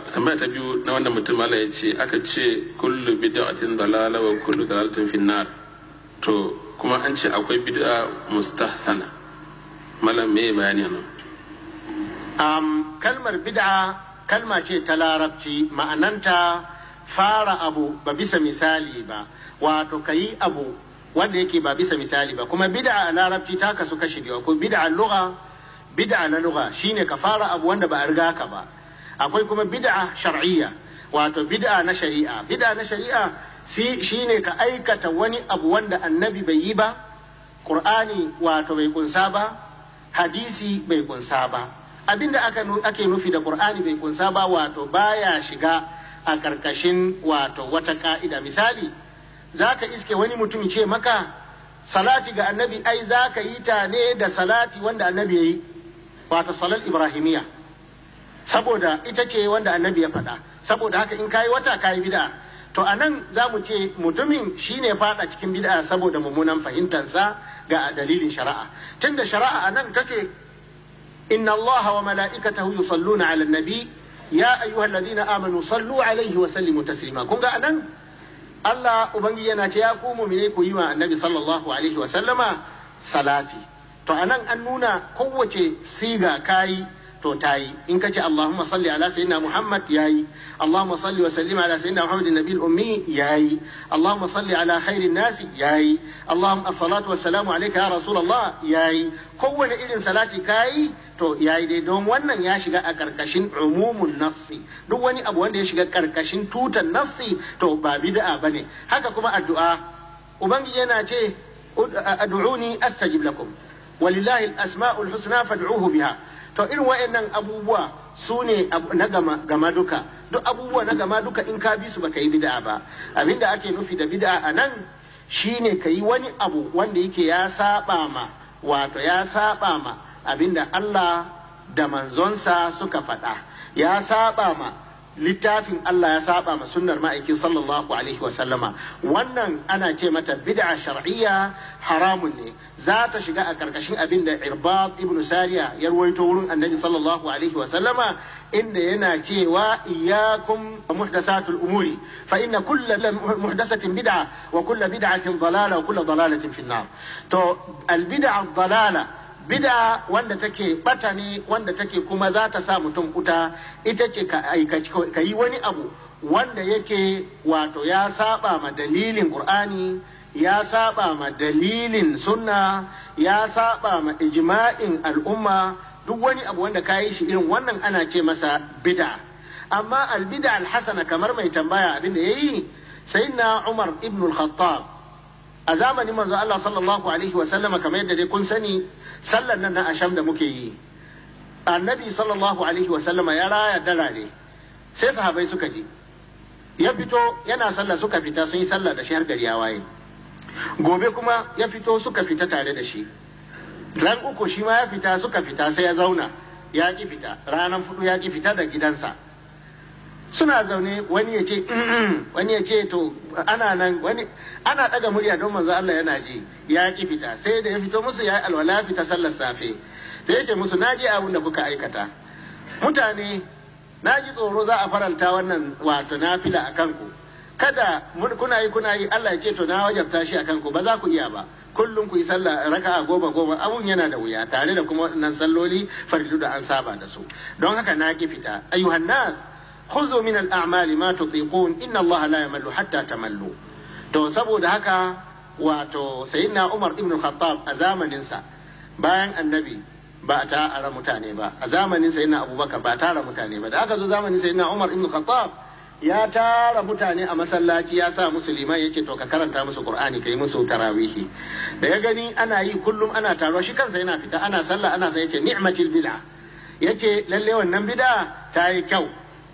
tambaya ta biyu na wannan mutum Allah ya ce aka ce kullu bid'atin dalala wa kullu dalalatin finnar to kuma an ce akwai bid'a mustahsana malam me bayani nan um, kalmar bid'a kalma ce ta larabci ma'ananta fara abu ba bisa misali ba wato kayi abu wanda yake ba bisa misali ba kuma bid'a a larabci ta kasu kashi biyu ko bid'a lugha bid'a na lugha shine ka fara abu wanda ba a riga ka ba akwai kuma bid'a shar'iyya wato bid'a na shari'a bid'a na shari'a shine ka aikata wani abu wanda annabi bai yi ba qur'ani wato bai kunsa ba hadisi bai kunsa ba abinda aka ake nufi da qur'ani bai kunsa ba wato baya shiga a karkashin wato wata ka'ida misali zaka iske wani mutum ce maka salati ga annabi ai zaka yi ta ne da salati wanda annabi yayi wato salal ibrahimiyya saboda ita ce wanda annabi ya faɗa saboda haka in kayi wata kayi bid'a to a nan za mu ce mutumin shi ne faɗa cikin bid'a saboda mummunan fahimtansa ga a dalilin shari'a tunda shari'a a nan take inna allaha wa mala'ikatahu yusalluna ala nabi ya na amanu sallu 'alaihi wa sallimu taslima kun ga anan Allah ubangiji yana ce ya ku mu'mine ku yi wa annabi sallallahu alaihi wa sallama salati to anan an nuna kowace siga kayi to ta yi in ka ce Allahumma salli ala sayyidina Muhammad ya yi Allahumma salli wa sallim ala sayyidina Muhammad nabiyil ummi yi Allahumma salli ala khairin nas yayi Allahumma as-salatu wa salamu alayka ya rasulullah yayi kowane irin salati ka yi to ya yi dai don wannan ya shiga a karkashin umumun nassi duk wani abu wanda ya shiga karkashin tutan nassi to ba bid'a bane haka kuma addu'a ubangiji yana ce ad'uni astajib lakum ولله الأسماء الحسنى فادعوه بها to irin wa'annan abubuwa su ne na gama duka duk abubuwa na gama duka in ka bi su baka yi bid'a ba abinda ake nufi da bid'a a nan shine ka yi wani abu wanda yake ya saba ma wato ya saba ma abinda Allah da manzonsa suka faɗa ya saba ma littafin Allah ya saba ma sunnar ma'aiki sallallahu alaihi wa sallama wannan ana ce mata bid'a shar'iyya haramun ne za ta shiga a karkashin abin da Irbad ibnu Sariya ya ruwaito wurin Annabi sallallahu alaihi wa sallama inda yana cewa iyyakum muhdasatul umuri fa inna kulla muhdasatin bid'a wa kulla bid'atin dalala wa kulla dalalatin finna to al bid'a dalala bida wanda take bata ne wanda take kuma za ta sa mutum kuta ita ce ka yi wani abu wanda yake wato ya saba ma dalilin qur'ani ya saba ma dalilin sunna ya saba ma ijma'in al'umma duk wani abu wanda ka yi shi irin wannan ana ce masa bida amma albida alhasana kamar mai tambaya abin da ya yi sai na umar ibn al-khattab a zamanin manzo Allah sallallahu alaihi wa sallama kamar yadda dai kun sani sallar nan na asham da muke yi annabi sallallahu alaihi wa sallama ya raya dara ne sai sahabai suka ji ya fito yana sallah suka fita sun yi sallah da shi har gari ya waye gobe kuma ya fito suka fita tare da shi ran uku shi ma ya fita suka fita sai ya zauna ya ki fita ranan fudu ya ki fita da gidansa suna zaune wani ya ce mm, mm, wani ya ce to ana nan wani ana daga murya don manzo Allah yana ji ya ki fita sai da ya fito musu ya alwala fita sallar safe sai yake musu naji abun da kuka aikata mutane naji tsoro za a faranta wannan wato nafila akan ku kada mun kuna yi kuna yi Allah ya ce to na wajabta shi akan ku ba za ku iya ba kullum ku yi sallah raka'a goma goma abun yana da wuya tare da kuma waɗannan salloli faridu da an saba da su don haka na ki fita ayyuhan nas khudhu min al-a'mali ma tutiqun inna ya mallu yamallu hatta tamallu to saboda haka wato sayyidina Umar ibn al a zamanin sa bayan annabi ba a tara mutane ba a zamanin sayyidina Abubakar ba a tara mutane ba da aka zo zamanin sayyidina Umar ibn al ya tara mutane a masallaci ya sa musulman yake to ka karanta musu qur'ani kai musu tarawihi da ya gani ana yi kullum ana taruwa shi kansa yana fita ana sallah ana sai yake ni'matil bid'a yace lalle wannan bid'a ta yi kyau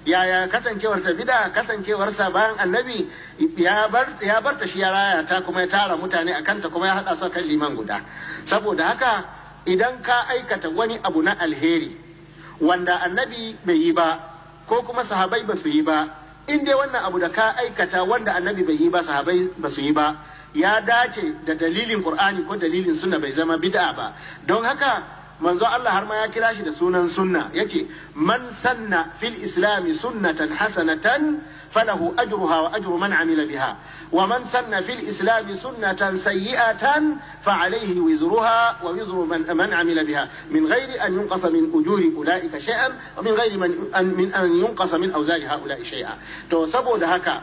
yaya kasancewar ta bida kasancewarsa bayan annabi ya bar ta shi ya raya ta kuma ya tara mutane a kanta kuma ya haɗa su kan liman guda saboda haka idan ka aikata wani abu na alheri wanda annabi bai yi ba ko kuma sahabai ba su yi ba in dai wannan abu da ka aikata wanda annabi bai yi ba sahabai ba su yi ba ya dace da dalilin qur'ani ko dalilin sunna bai zama bid'a ba don haka منذ الله هرما يكراش سنة سنة يكي من سن في الإسلام سنة حسنة فله أجرها وأجر من عمل بها ومن سن في الإسلام سنة سيئة فعليه وزرها ووزر من, من عمل بها من غير أن ينقص من أجور أولئك شيئا ومن غير من أن, من أن ينقص من أوزار هؤلاء شيئا تو سبو دهكا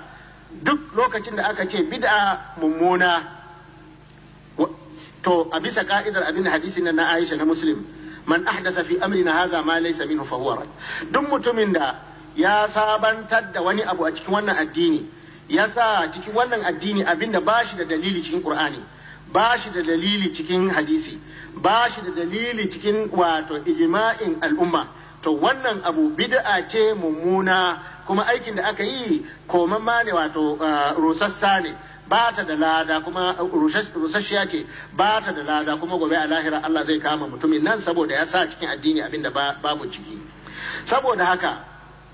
دك لوكا تشين دهكا بدأ ممونة to a bisa ka'idar abin hadisi na Aisha na Muslim man ahdasa fi amrina haza ma laysa minhu fa duk mutumin da ya sabantar da wani abu a cikin wannan addini ya sa cikin wannan addini abin da bashi da dalili cikin Qur'ani bashi da dalili cikin hadisi bashi da dalili cikin wato ijma'in al'umma to wannan abu bid'a ce mummuna kuma aikin da aka yi ma ne wato uh, rusassa ne ba ta da lada kuma rusasshiya ce ba ta da lada kuma gobe a lahira Allah zai kama mutumin nan saboda ya sa cikin addini abin da babu ciki saboda haka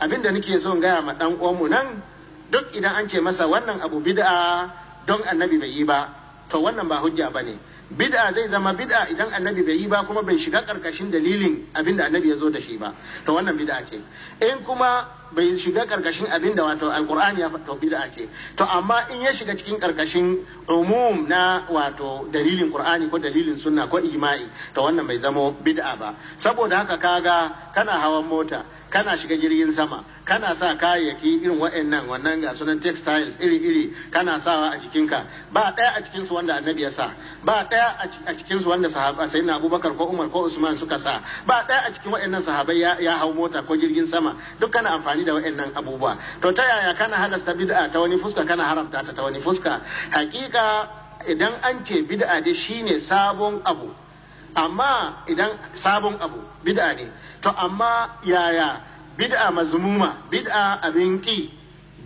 abinda da nake son gaya ma dan uwanmu nan duk idan an ce masa wannan abu bid'a don annabi bai yi ba to wannan ba hujja bane bid'a zai zama bid'a idan annabi bai yi ba kuma bai shiga karkashin dalilin abin da annabi ya zo da shi ba to wannan bid'a ce in kuma bai shiga karkashin abin da wato alqur'ani ya fato bid'a ce to amma in ya shiga cikin karkashin umum na wato dalilin qur'ani ko dalilin sunna ko ijma'i to wannan bai zama bid'a ba saboda haka kaga kana hawan mota kana shiga jirgin sama kana sa kayayyaki irin waɗannan wannan ga sunan textiles iri-iri kana sawa a jikinka ba ɗaya a cikin su wanda annabi ya sa ba ɗaya a cikin su wanda sahaba sai na abubakar ko umar ko usman suka sa ba ɗaya a cikin waɗannan sahabai ya, hau mota ko jirgin sama duk kana amfani da waɗannan abubuwa to ta yaya kana halasta bid'a ta wani fuska kana haramta ta ta wani fuska hakika idan an ce bid'a dai shine sabon abu amma idan sabon abu bid'a ne to amma yaya bid'a mazmuma bid'a abin ki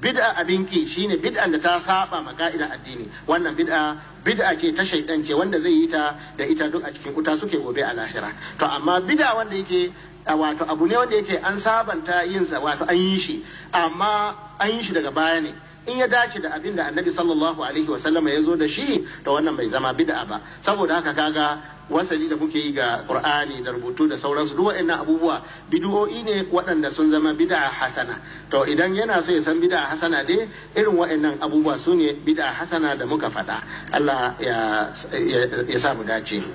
bid'a abin shine bid'an da ta saba ma ka'idar addini wannan bid'a bid'a ce ta shaidan ce wanda zai yi ta da ita duk a cikin kuta suke gobe a lahira to amma bid'a wanda yake wato abu ne wanda yake an sabanta yin sa wato an yi shi amma an yi shi daga baya ne in ya dace da abin da annabi sallallahu alaihi wa sallama ya zo da shi to wannan bai zama bid'a ba saboda haka kaga wasali da kuke yi ga qur'ani da rubutu da sauransu duk waɗannan abubuwa bid'o'i ne waɗanda sun zama bid'a hasana to idan yana so ya san bid'a hasana dai irin waɗannan abubuwa su ne bid'a hasana da muka faɗa Allah ya sa mu dace